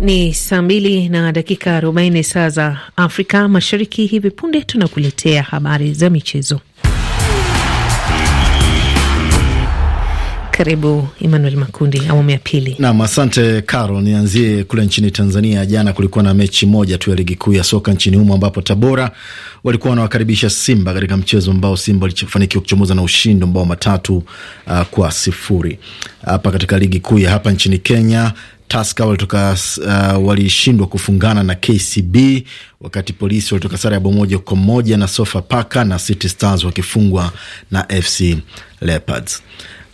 Ni saa mbili na dakika arobaini saa za Afrika Mashariki. Hivi punde tunakuletea habari za michezo. Karibu Emmanuel Makundi, awamu ya pili. Nam, asante Caro. Nianzie kule nchini Tanzania. Jana kulikuwa na mechi moja tu ya ligi kuu ya soka nchini humo ambapo Tabora walikuwa wanawakaribisha Simba katika mchezo ambao Simba walifanikiwa kuchomoza na ushindi mabao matatu uh, kwa sifuri. Hapa katika ligi kuu ya hapa nchini Kenya, taska walitoka uh, walishindwa kufungana na KCB, wakati polisi walitoka sare ya bao moja kwa moja na sofa paka na City Stars wakifungwa na FC Leopards.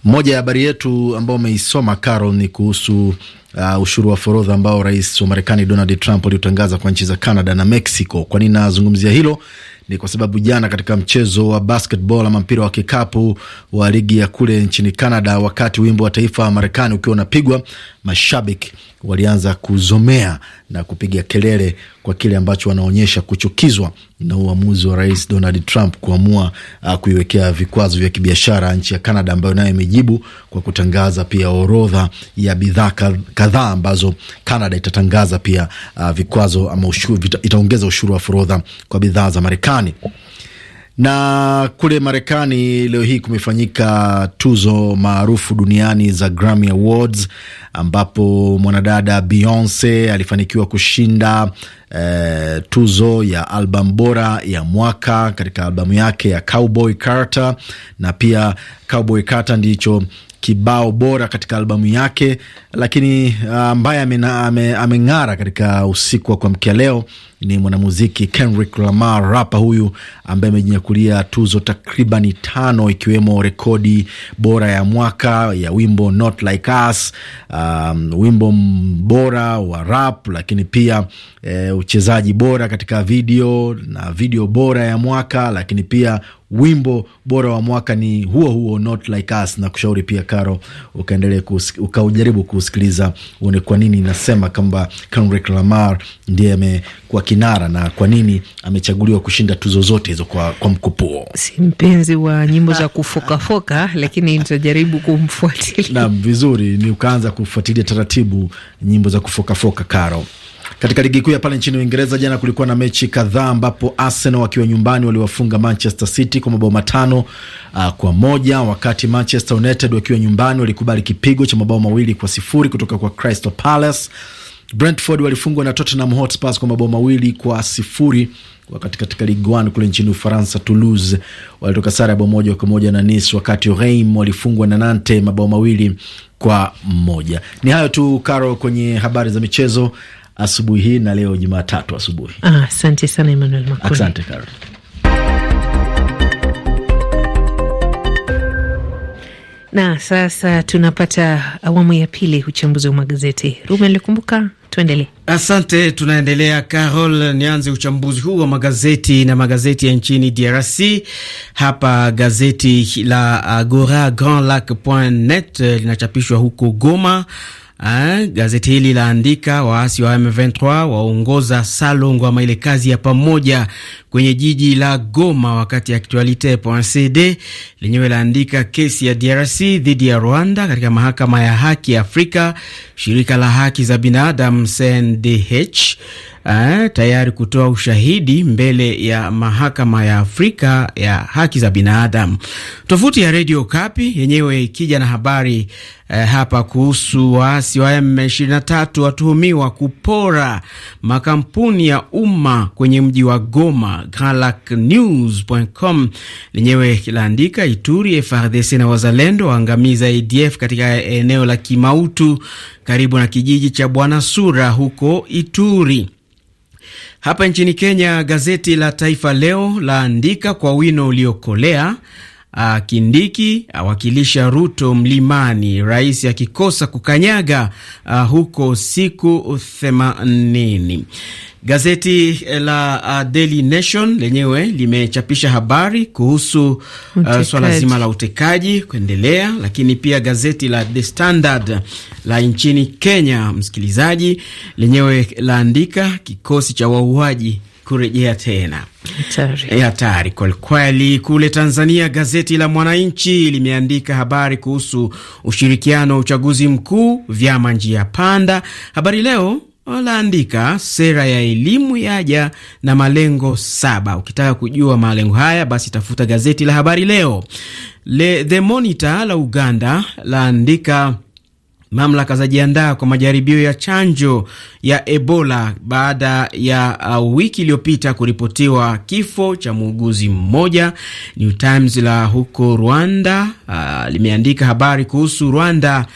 Moja ya habari yetu ambao umeisoma Carol ni kuhusu uh, ushuru wa forodha ambao rais wa Marekani Donald Trump aliotangaza kwa nchi za Canada na Mexico. Kwa nini nazungumzia hilo? ni kwa sababu jana katika mchezo wa basketball ama mpira wa kikapu wa ligi ya kule nchini Canada, wakati wimbo wa taifa wa Marekani ukiwa unapigwa, mashabiki walianza kuzomea na kupiga kelele kwa kile ambacho wanaonyesha kuchukizwa na uamuzi wa Rais Donald Trump kuamua uh, kuiwekea vikwazo vya kibiashara nchi ya Canada ambayo nayo imejibu kwa kutangaza pia orodha ya bidhaa kadhaa ambazo Canada itatangaza pia uh, vikwazo ama ushuru, itaongeza ushuru wa forodha kwa bidhaa za Marekani. Na kule Marekani leo hii kumefanyika tuzo maarufu duniani za Grammy Awards ambapo mwanadada Beyonce alifanikiwa kushinda eh, tuzo ya albamu bora ya mwaka katika albamu yake ya Cowboy Carter, na pia Cowboy Carter ndicho kibao bora katika albamu yake, lakini ah, ambaye ameng'ara katika usiku wa kuamkia leo ni mwanamuziki Kendrick Lamar, rapa huyu ambaye amejinyakulia tuzo takribani tano ikiwemo rekodi bora ya mwaka ya wimbo Not Like Us, um, wimbo bora wa rap, lakini pia e, uchezaji bora katika video na video bora ya mwaka, lakini pia wimbo bora wa mwaka ni huo huo Not Like Us, na kushauri pia Karo ukaendelea ukaujaribu kuusikiliza uone kwa nini nasema kwamba Kendrick Lamar ndiye amekuwa kinara na kwa nini amechaguliwa kushinda tuzo zote hizo kwa, kwa mkupuo? Si mpenzi wa nyimbo za kufokafoka, lakini nitajaribu kumfuatilia. Naam, vizuri, ni ukaanza kufuatilia taratibu nyimbo za kufokafoka Karo. Katika ligi kuu ya pale nchini Uingereza jana kulikuwa na mechi kadhaa ambapo Arsenal wakiwa nyumbani waliwafunga Manchester City kwa mabao matano uh, kwa moja, wakati Manchester United wakiwa nyumbani walikubali kipigo cha mabao mawili kwa sifuri kutoka kwa Crystal Palace. Brentford walifungwa na Tottenham Hotspur kwa mabao mawili kwa sifuri wakati katika Ligue 1 kule nchini Ufaransa, Toulouse walitoka sare ya bao moja kwa moja na Nice, wakati Reims walifungwa na Nantes mabao mawili kwa moja. Ni hayo tu Karo, kwenye habari za michezo asubuhi hii na leo Jumatatu asubuhi. Ah, asante ah, sana Emmanuel Makoni. Asante Karo. Na sasa tunapata awamu ya pili, uchambuzi wa magazeti. Ruben alikumbuka tuendelee. Asante, tunaendelea Carol. Nianze uchambuzi huu wa magazeti na magazeti ya nchini DRC. Hapa gazeti la Agora Grand Lac net eh, linachapishwa huko Goma. Ha, eh, gazeti hili laandika waasi wa M23 waongoza Salongo ama ile kazi ya pamoja kwenye jiji la Goma, wakati Actualite.cd lenyewe laandika kesi ya DRC dhidi ya Rwanda katika mahakama ya haki ya Afrika. Shirika la haki za binadamu CNDH eh, tayari kutoa ushahidi mbele ya mahakama ya Afrika ya haki za binadamu. Tovuti ya Radio Kapi yenyewe ikija na habari eh, hapa kuhusu waasi wa M23 watuhumiwa kupora makampuni ya umma kwenye mji wa Goma la galacnews.com lenyewe kilaandika Ituri, FRDC na wazalendo waangamiza ADF katika eneo la Kimautu karibu na kijiji cha Bwana Sura huko Ituri. Hapa nchini Kenya, gazeti la Taifa Leo laandika kwa wino uliokolea Uh, Kindiki awakilisha ah, uh, Ruto mlimani, rais akikosa kukanyaga uh, huko siku themanini. Gazeti eh, la uh, Daily Nation lenyewe limechapisha habari kuhusu uh, swala zima la utekaji kuendelea, lakini pia gazeti la The Standard la nchini Kenya, msikilizaji, lenyewe laandika kikosi cha wauaji kurejea tena. Hatari kwelikweli. Eh, Kule Tanzania, gazeti la Mwananchi limeandika habari kuhusu ushirikiano wa uchaguzi mkuu, vyama njia panda. Habari Leo eh, laandika sera ya elimu yaja na malengo saba. Ukitaka kujua malengo haya, basi tafuta gazeti la Habari Leo. Le, The Monitor la Uganda laandika Mamlaka zajiandaa kwa majaribio ya chanjo ya Ebola baada ya uh, wiki iliyopita kuripotiwa kifo cha muuguzi mmoja. New Times la huko Rwanda uh, limeandika habari kuhusu Rwanda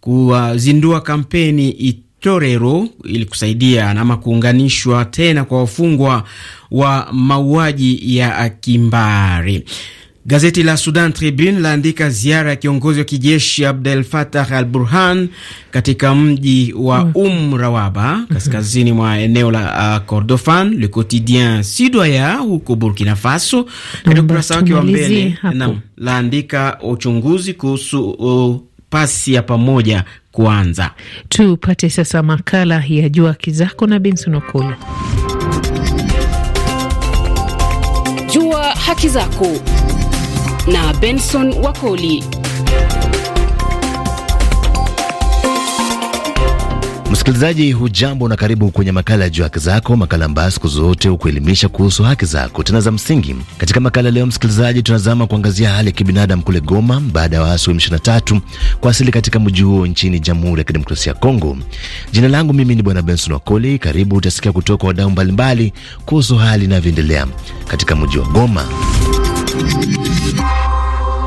kuzindua kampeni Itorero ili kusaidia ama kuunganishwa tena kwa wafungwa wa mauaji ya kimbari. Gazeti la Sudan Tribune laandika ziara ya kiongozi wa kijeshi Abdel Fattah al Burhan katika mji wa Um Rawaba mm-hmm. kaskazini mwa eneo la uh, Kordofan. Le Quotidien sidoya huko Burkina Faso katika ukurasa wake wa mbele laandika uchunguzi kuhusu uh, pasi ya pamoja kuanza. Tupate sasa makala ya Jua Haki Zako na Benson Okolo. Jua Haki Zako na Benson Wakoli. Msikilizaji hujambo na karibu kwenye makala ya juu haki zako, makala ambayo siku zote hukuelimisha kuhusu haki zako tena za msingi. Katika makala leo, msikilizaji, tunazama kuangazia hali ya kibinadamu kule Goma baada ya waasi wa M23 kuwasili katika mji huo nchini Jamhuri ya Kidemokrasia ya Kongo. Jina langu mimi ni Bwana Benson Wakoli. Karibu utasikia kutoka kwa wadau mbalimbali kuhusu hali inavyoendelea katika mji wa Goma.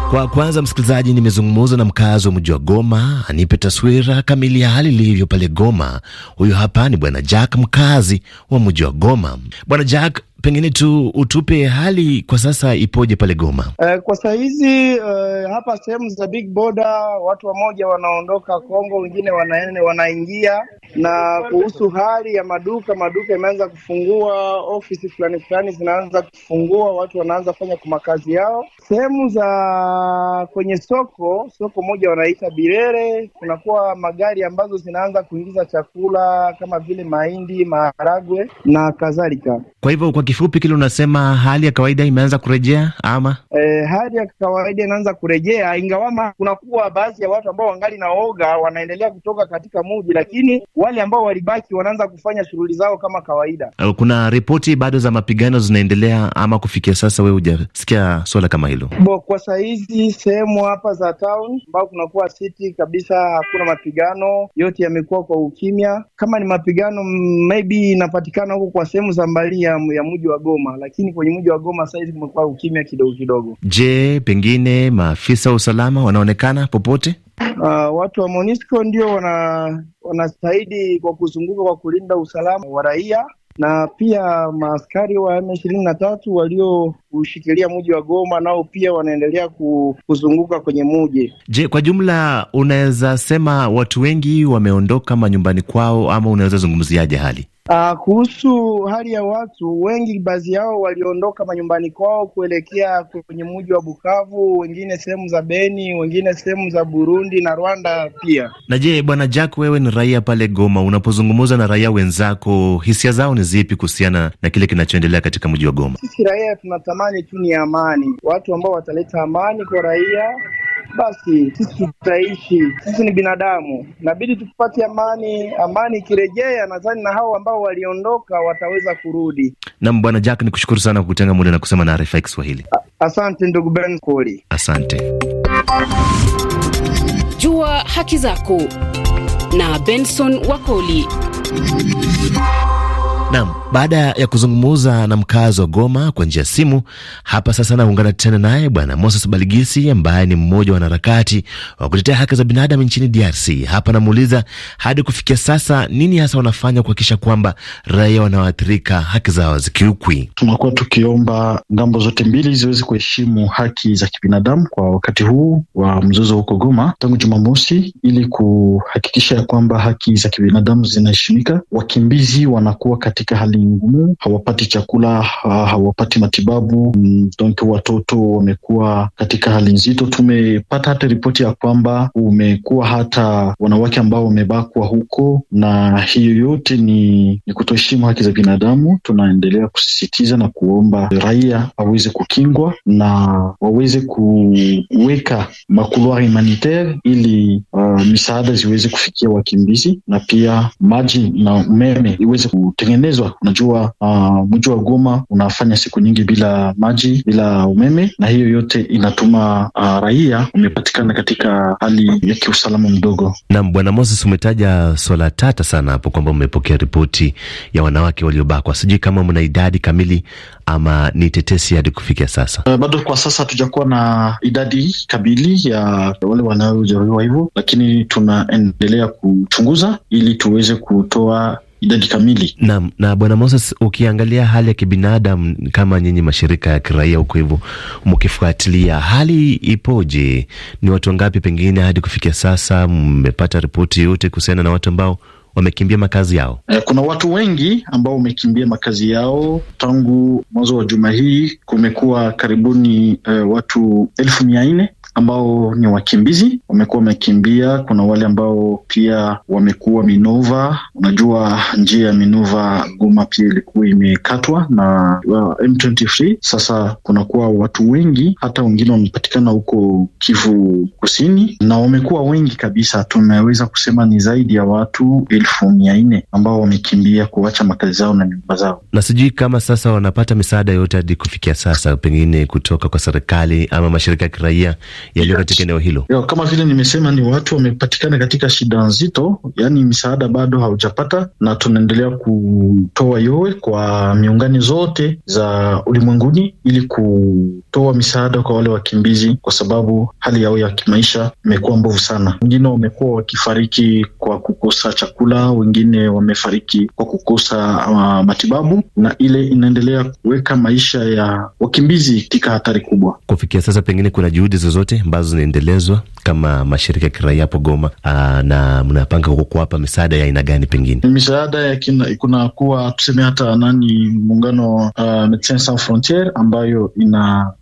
Kwa kwanza, msikilizaji, nimezungumza na mkazi wa mji wa Goma anipe taswira kamili ya hali ilivyo pale Goma. Huyu hapa ni bwana Jack, mkazi wa mji wa Goma. Bwana Jack, pengine tu utupe hali kwa sasa ipoje pale Goma? Uh, kwa saa hizi uh, hapa sehemu za big border watu wamoja wanaondoka Kongo, wengine wanaene wanaingia. Na kuhusu hali ya maduka, maduka yameanza kufungua, ofisi fulani fulani zinaanza kufungua, watu wanaanza kufanya kwa makazi yao. Sehemu za kwenye soko, soko moja wanaita Birere, kunakuwa magari ambazo zinaanza kuingiza chakula kama vile mahindi, maharagwe na kadhalika. Kwa hivyo kwa kifupi kile unasema hali ya kawaida imeanza kurejea ama? E, hali ya kawaida inaanza kurejea, ingawama kunakuwa baadhi ya watu ambao wangali na oga wanaendelea kutoka katika muji, lakini wale ambao walibaki wanaanza kufanya shughuli zao kama kawaida. Eh, kuna ripoti bado za mapigano zinaendelea ama kufikia sasa, wewe hujasikia swala kama hilo? Bo, kwa sahizi sehemu hapa za town ambao kunakuwa city kabisa hakuna mapigano, yote yamekuwa kwa ukimya. Kama ni mapigano maybe inapatikana huko kwa sehemu za mbali ya, ya muji mji wa Goma, lakini kwenye mji wa Goma saizi kumekuwa ukimya kidogo kidogo. Je, pengine maafisa wa usalama wanaonekana popote? Uh, watu wa Monisco ndio wana wanastahidi kwa kuzunguka kwa kulinda usalama wa raia na pia maaskari wa M23 walioushikilia mji wa Goma nao pia wanaendelea kuzunguka kwenye mji. Je, kwa jumla unaweza sema watu wengi wameondoka manyumbani kwao ama unaweza zungumziaje hali? Uh, kuhusu hali ya watu wengi, baadhi yao waliondoka manyumbani kwao kuelekea kwenye mji wa Bukavu, wengine sehemu za Beni, wengine sehemu za Burundi na Rwanda pia. Na je, bwana Jack, wewe ni raia pale Goma, unapozungumza na raia wenzako, hisia zao ni zipi kuhusiana na kile kinachoendelea katika mji wa Goma? Sisi raia tunatamani tu ni amani, watu ambao wataleta amani kwa raia basi sisi tutaishi. Sisi ni binadamu, inabidi tupate amani. Amani ikirejea, nadhani na hao ambao waliondoka wataweza kurudi. Nam Bwana Jack, ni kushukuru sana kwa kutenga muda na kusema na RFI Kiswahili. Asante ndugu Ben Koli, asante. Jua haki zako na Benson Wakoli. Nam, baada ya kuzungumuza na mkazi wa Goma kwa njia ya simu, hapa sasa naungana tena naye Bwana Moses Baligisi ambaye ni mmoja wa wanaharakati wa kutetea haki za binadamu nchini DRC. Hapa namuuliza hadi kufikia sasa, nini hasa wanafanya kuhakikisha kwamba raia wanaoathirika haki zao zikiukwi? Tunakuwa tukiomba ngambo zote mbili ziweze kuheshimu haki za kibinadamu kwa wakati huu wa mzozo huko Goma tangu Jumamosi, ili kuhakikisha ya kwamba haki za kibinadamu zinaheshimika. Wakimbizi wanakuwa kati katika hali ngumu, hawapati chakula, hawapati matibabu. Mm, donk watoto wamekuwa katika hali nzito. Tumepata hata ripoti ya kwamba umekuwa hata wanawake ambao wamebakwa huko, na hiyo yote ni, ni kutoheshimu haki za binadamu. Tunaendelea kusisitiza na kuomba raia waweze kukingwa na waweze kuweka makuluari humanitaire ili uh, misaada ziweze kufikia wakimbizi na pia maji na umeme iweze kutengeneza kutengenezwa. Unajua uh, mji wa Goma unafanya siku nyingi bila maji, bila umeme, na hiyo yote inatuma uh, raia umepatikana katika hali ya kiusalama mdogo. nam Bwana Moses, umetaja swala tata sana hapo kwamba mmepokea ripoti ya wanawake waliobakwa. Sijui kama mna idadi kamili ama ni tetesi hadi kufikia sasa? Uh, bado kwa sasa hatujakuwa na idadi kamili ya wale wanaojeruhiwa hivyo, lakini tunaendelea kuchunguza ili tuweze kutoa idadi kamili. Naam. Na Bwana Moses, ukiangalia hali ya kibinadamu kama nyinyi mashirika ya kiraia huko hivyo mkifuatilia, hali ipoje? Ni watu wangapi pengine hadi kufikia sasa mmepata ripoti yote kuhusiana na watu ambao wamekimbia makazi yao. Eh, kuna watu wengi ambao wamekimbia makazi yao tangu mwanzo wa juma hii. Kumekuwa karibuni uh, watu elfu mia nne ambao ni wakimbizi wamekuwa wamekimbia. Kuna wale ambao pia wamekuwa Minova. Unajua njia ya Minova Goma pia ilikuwa imekatwa na M23. Sasa kunakuwa watu wengi, hata wengine wamepatikana huko Kivu Kusini na wamekuwa wengi kabisa. Tumeweza kusema ni zaidi ya watu elfu mia nne ambao wamekimbia kuacha makazi zao na nyumba zao, na sijui kama sasa wanapata misaada yote hadi kufikia sasa, pengine kutoka kwa serikali ama mashirika ya kiraia yaliyo katika eneo hilo? Yo, kama vile nimesema, ni watu wamepatikana katika shida nzito, yaani misaada bado haujapata, na tunaendelea kutoa yowe kwa miungani zote za ulimwenguni ili kutoa misaada kwa wale wakimbizi, kwa sababu hali yao ya kimaisha imekuwa mbovu sana. Wengine wamekuwa wakifariki kwa kukosa chakula, wengine wamefariki kwa kukosa uh, matibabu, na ile inaendelea kuweka maisha ya wakimbizi katika hatari kubwa. Kufikia sasa, pengine kuna juhudi zozote zote ambazo zinaendelezwa kama mashirika ya kiraia hapo Goma? Aa, ah, na mnapanga huko kuwapa misaada ya aina gani? Pengine misaada ya kina, kuna kuwa tuseme hata nani muungano uh, ah, Medecins Sans Frontieres ambayo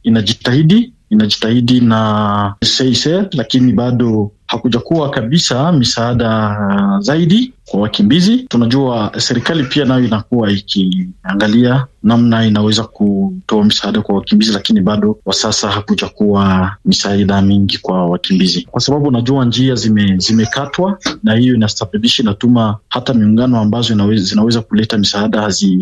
inajitahidi ina inajitahidi na CICR lakini bado hakujakuwa kabisa misaada zaidi kwa wakimbizi. Tunajua serikali pia nayo inakuwa ikiangalia namna inaweza kutoa misaada kwa wakimbizi, lakini bado kwa sasa hakujakuwa misaada mingi kwa wakimbizi, kwa sababu unajua njia zimekatwa, zime na hiyo inasababisha inatuma hata miungano ambazo inaweza, zinaweza kuleta misaada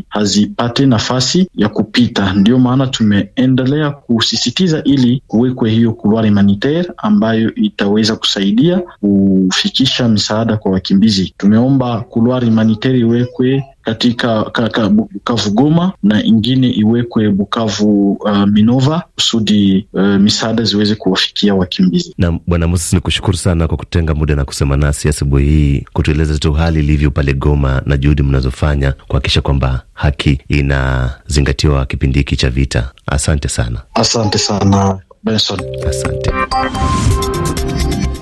hazipate hazi nafasi ya kupita. ndio maana tumeendelea kusisitiza ili kuwekwe hiyo couloir humanitaire ambayo itaweza kusaidia kusaidia kufikisha misaada kwa wakimbizi. Tumeomba kuluari humanitari iwekwe katika ka, ka, Bukavu Goma na ingine iwekwe Bukavu uh, Minova kusudi uh, misaada ziweze kuwafikia wakimbizi. Na Bwana Moses, ni kushukuru sana kwa kutenga muda na kusema nasi asubuhi hii kutueleza tu hali ilivyo pale Goma na juhudi mnazofanya kuhakikisha kwamba haki inazingatiwa kipindi hiki cha vita. Asante sana, asante sana Benson, asante.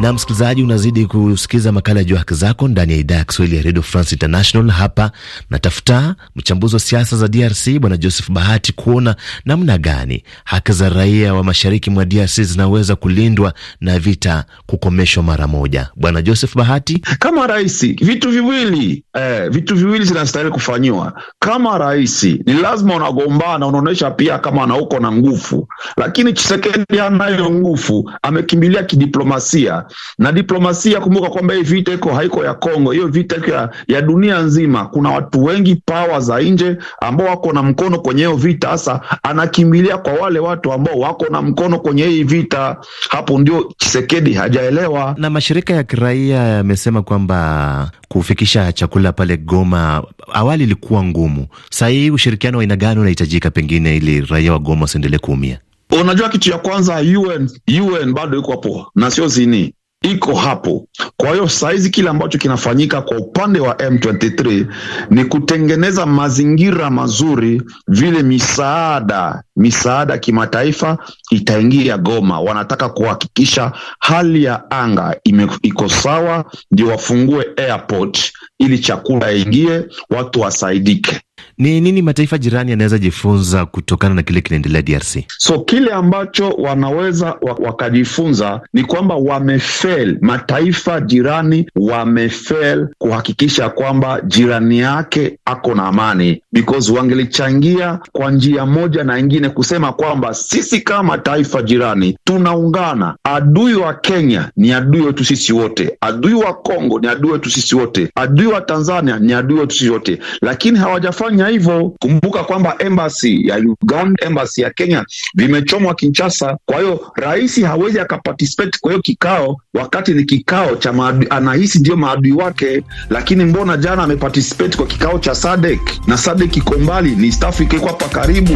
Na msikilizaji, unazidi kusikiza makala ya Jua Haki Zako ndani ya idhaa ya Kiswahili ya Redio France International. Hapa natafuta mchambuzi wa siasa za DRC Bwana Joseph Bahati kuona namna gani haki za raia wa mashariki mwa DRC zinaweza kulindwa na vita kukomeshwa mara moja. Bwana Joseph Bahati, kama rais, vitu viwili eh, vitu viwili zinastahili kufanyiwa. Kama rais ni lazima unagombana, unaonyesha pia kama anauko na nguvu, lakini Chisekedi anayo nguvu, amekimbilia kidiplomasia na diplomasia. Kumbuka kwamba hii vita iko haiko ya Kongo, hiyo vita iko ya, ya dunia nzima. Kuna watu wengi pawa za nje ambao wako na mkono kwenye hiyo vita, hasa anakimbilia kwa wale watu ambao wako na mkono kwenye hii vita. Hapo ndio Chisekedi hajaelewa. Na mashirika ya kiraia yamesema kwamba kufikisha chakula pale Goma awali ilikuwa ngumu. Sasa hii ushirikiano wa aina gani unahitajika pengine ili raia wa Goma wasiendelee kuumia? Unajua kitu ya kwanza, UN, UN bado iko hapo na sio zini iko hapo. Kwa hiyo saizi kile ambacho kinafanyika kwa upande wa M23 ni kutengeneza mazingira mazuri, vile misaada misaada kimataifa itaingia Goma. Wanataka kuhakikisha hali ya anga iko sawa, ndio wafungue airport ili chakula ingie, watu wasaidike. Ni nini mataifa jirani yanaweza jifunza kutokana na kile kinaendelea DRC? So kile ambacho wanaweza wakajifunza ni kwamba wamefail, mataifa jirani wamefail kuhakikisha kwamba jirani yake ako na amani, because wangelichangia kwa njia moja na ingine kusema kwamba sisi kama taifa jirani tunaungana, adui wa Kenya ni adui wetu sisi wote, adui wa Kongo ni adui wetu sisi wote, adui wa Tanzania ni adui wetu sisi wote, lakini hawajafanya kufanya hivyo. Kumbuka kwamba embassy ya Uganda, embassy ya Kenya vimechomwa Kinshasa. Kwa hiyo rais hawezi akaparticipate kwa hiyo kikao, wakati ni kikao cha maadui, anahisi ndio maadui wake. Lakini mbona jana ameparticipate kwa kikao cha SADC na SADC iko mbali, ni staff Africa iko hapa karibu.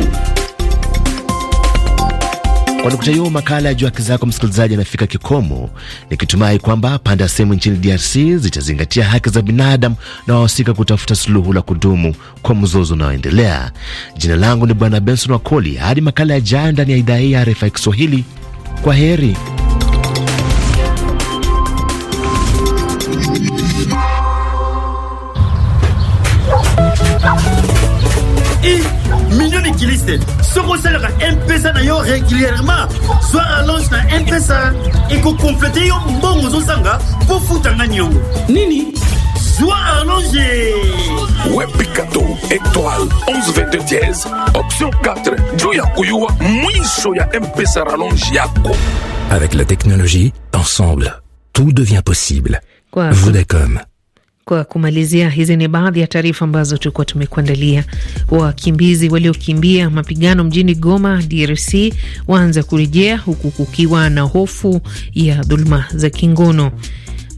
Kwa nukta hiyo, makala ya Jua Haki Zako, msikilizaji, anafika kikomo, nikitumai kwamba pande ya sehemu nchini DRC zitazingatia haki za binadamu na wahusika kutafuta suluhu la kudumu kwa mzozo unaoendelea. Jina langu ni Bwana Benson Wakoli. Hadi makala ya jaa ndani ya idhaa hii ya RFI Kiswahili, kwa heri. milioni Ce soko osalaka un peu ça régulièrement zwa allonge na mpesa ekokomplete yo mbongo ozozanga pour foutre un agneau. nini zwa allonge wepicato étoile 22 dièse option 4 Joya Kuyua, koyuwa mwiso ya mpesa rallonge avec la technologie ensemble tout devient possible Quoi Vous Vodacom Kwa kumalizia, hizi ni baadhi ya taarifa ambazo tulikuwa tumekuandalia. Wakimbizi waliokimbia mapigano mjini Goma, DRC, waanza kurejea huku kukiwa na hofu ya dhuluma za kingono.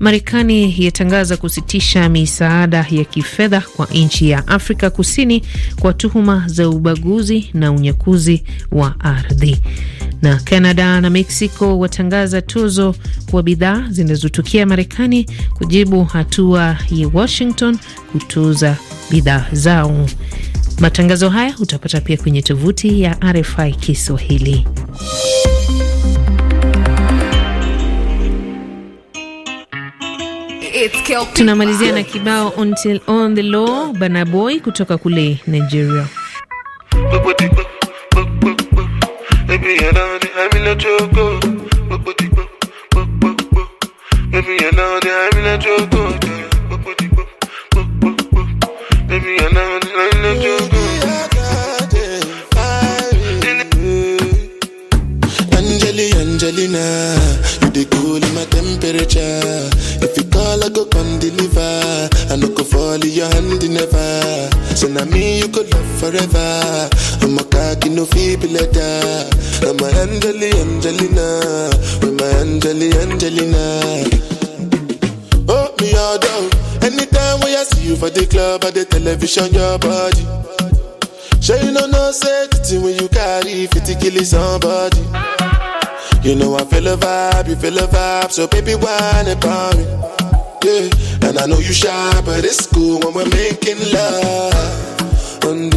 Marekani yatangaza kusitisha misaada ya kifedha kwa nchi ya Afrika Kusini kwa tuhuma za ubaguzi na unyakuzi wa ardhi. Na Canada na Mexico watangaza tuzo kwa bidhaa zinazotukia Marekani kujibu hatua ya Washington kutuza bidhaa zao. Matangazo haya utapata pia kwenye tovuti ya RFI Kiswahili. Tunamalizia na kibao Until on the Law Banaboy kutoka kule Nigeria. I'm in a choco. Baby, I'm in a Baby, you know that I'm in a choco. Angelina, you the cool in my temperature. If you call, I go come deliver all in your hand in never. So now me you could love forever. I'm a cocky no feeble letter. I'm a Angeli Angelina. with my a Angelina. Oh me all down. Anytime when I see you for the club or the television, your body. Sure you know no safety when you carry 50 kill somebody. You know I feel a vibe, you feel a vibe, so baby why not call me? Yeah. And I know you shy, but it's cool when we're making love.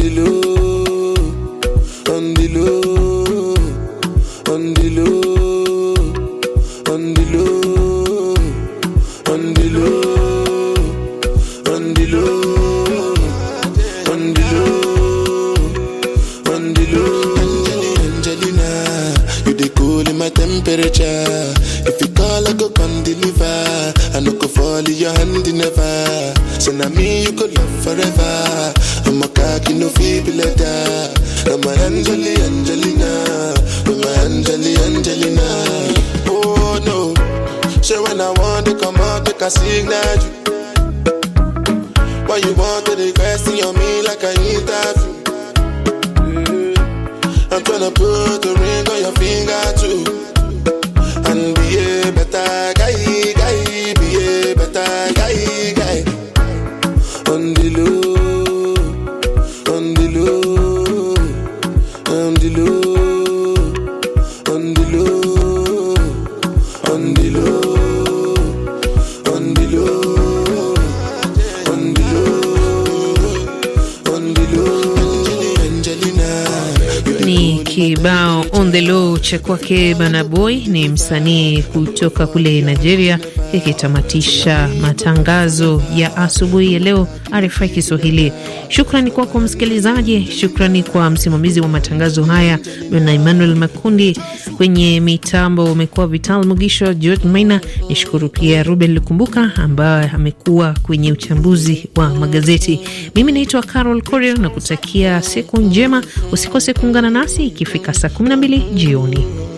Say when I want to come out, they can signal you. Why you want to question on me like I interview? I'm tryna put the ring on your finger too. And be a better guy, guy, be a better guy, guy. On the low. kibao on the low cha kwake Banaboy ni msanii kutoka kule Nigeria ikitamatisha matangazo ya asubuhi ya leo RFI Kiswahili. Shukrani kwako msikilizaji, shukrani kwa msimamizi wa matangazo haya na Emmanuel Makundi, kwenye mitambo umekuwa Vital Mugisho, George Maina. Nishukuru pia Ruben Lukumbuka ambaye amekuwa kwenye uchambuzi wa magazeti. Mimi naitwa Carol Korir na kutakia siku njema. Usikose kuungana nasi ikifika saa 12 jioni.